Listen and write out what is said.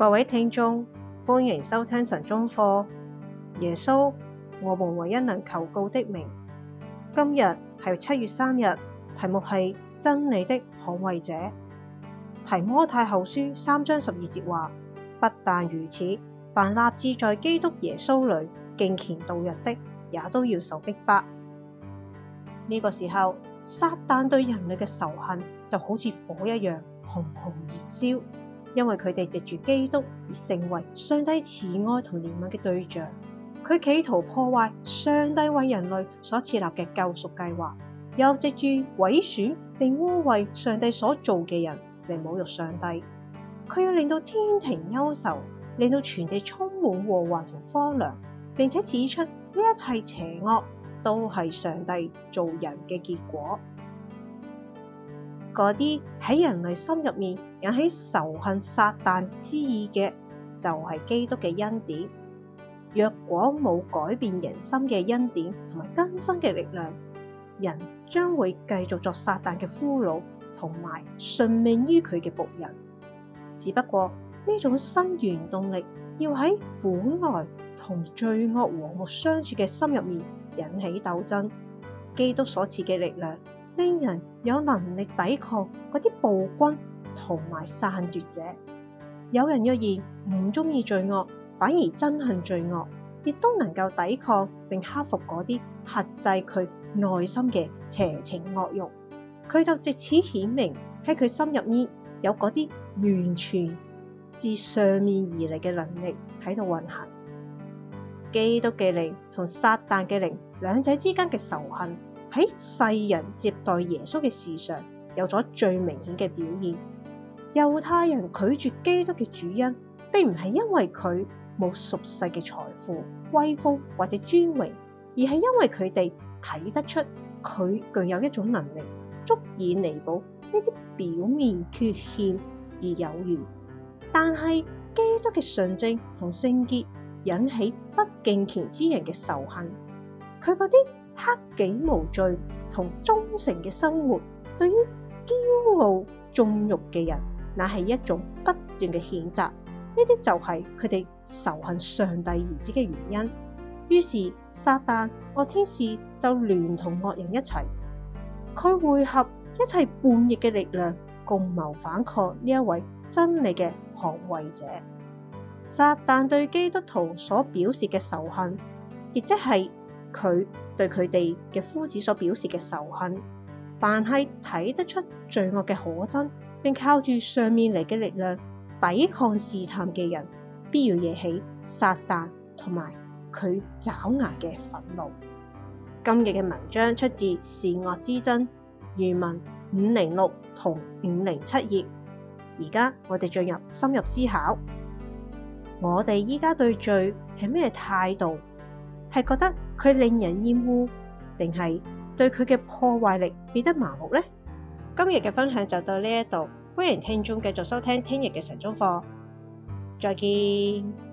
各位聽眾，歡迎收聽晨鐘課。耶穌，我們唯一能求告的名。今日係七月三日，題目係真理的捍衛者。提摩太後書三章十二節話：不但如此，凡立志在基督耶穌裏敬虔度日的，也都要受逼迫。呢個時候，撒旦對人類嘅仇恨就好似火一樣，熊熊燃燒。因為佢哋藉住基督而成為上帝慈愛同憐憫嘅對象，佢企圖破壞上帝為人類所設立嘅救贖計劃，又藉住毀損並污穢上帝所做嘅人嚟侮辱上帝，佢要令到天庭憂愁，令到全地充滿禍患同荒涼，並且指出呢一切邪惡都係上帝做人嘅結果。嗰啲喺人類心入面引起仇恨撒旦之意嘅，就係基督嘅恩典。若果冇改變人心嘅恩典同埋更新嘅力量，人將會繼續作撒旦嘅俘虜，同埋順命於佢嘅僕人。只不過呢種新原動力要喺本來同罪惡和睦相處嘅心入面引起鬥爭，基督所賜嘅力量。令人有能力抵抗嗰啲暴君同埋散奪者。有人若然唔中意罪惡，反而憎恨罪惡，亦都能夠抵抗並克服嗰啲克制佢內心嘅邪情惡欲。佢就借此顯明喺佢心入面有嗰啲完全自上面而嚟嘅能力喺度運行。基督嘅靈同撒旦嘅靈兩者之間嘅仇恨。喺世人接待耶穌嘅事上，有咗最明顯嘅表現。猶太人拒絕基督嘅主因，並唔係因為佢冇屬世嘅財富、威風或者尊榮，而係因為佢哋睇得出佢具有一種能力，足以彌補呢啲表面缺陷而有餘。但係基督嘅純正同聖潔，引起不敬虔之人嘅仇恨。佢嗰啲。克己無罪同忠誠嘅生活，對於驕傲縱慾嘅人，乃係一種不斷嘅譴責。呢啲就係佢哋仇恨上帝兒子嘅原因。於是，撒旦惡天使就聯同惡人一齊，佢匯合一切叛逆嘅力量，共謀反抗呢一位真理嘅捍衛者。撒旦對基督徒所表示嘅仇恨，亦即係佢。對佢哋嘅夫子所表示嘅仇恨，凡係睇得出罪惡嘅可憎，并靠住上面嚟嘅力量抵抗試探嘅人，必要惹起撒旦同埋佢爪牙嘅憤怒。今日嘅文章出自《善惡之爭》，原文五零六同五零七頁。而家我哋進入深入思考，我哋依家對罪係咩態度？係覺得佢令人厭惡，定係對佢嘅破壞力變得麻木呢？今日嘅分享就到呢度，歡迎聽眾繼續收聽聽日嘅晨鐘課，再見。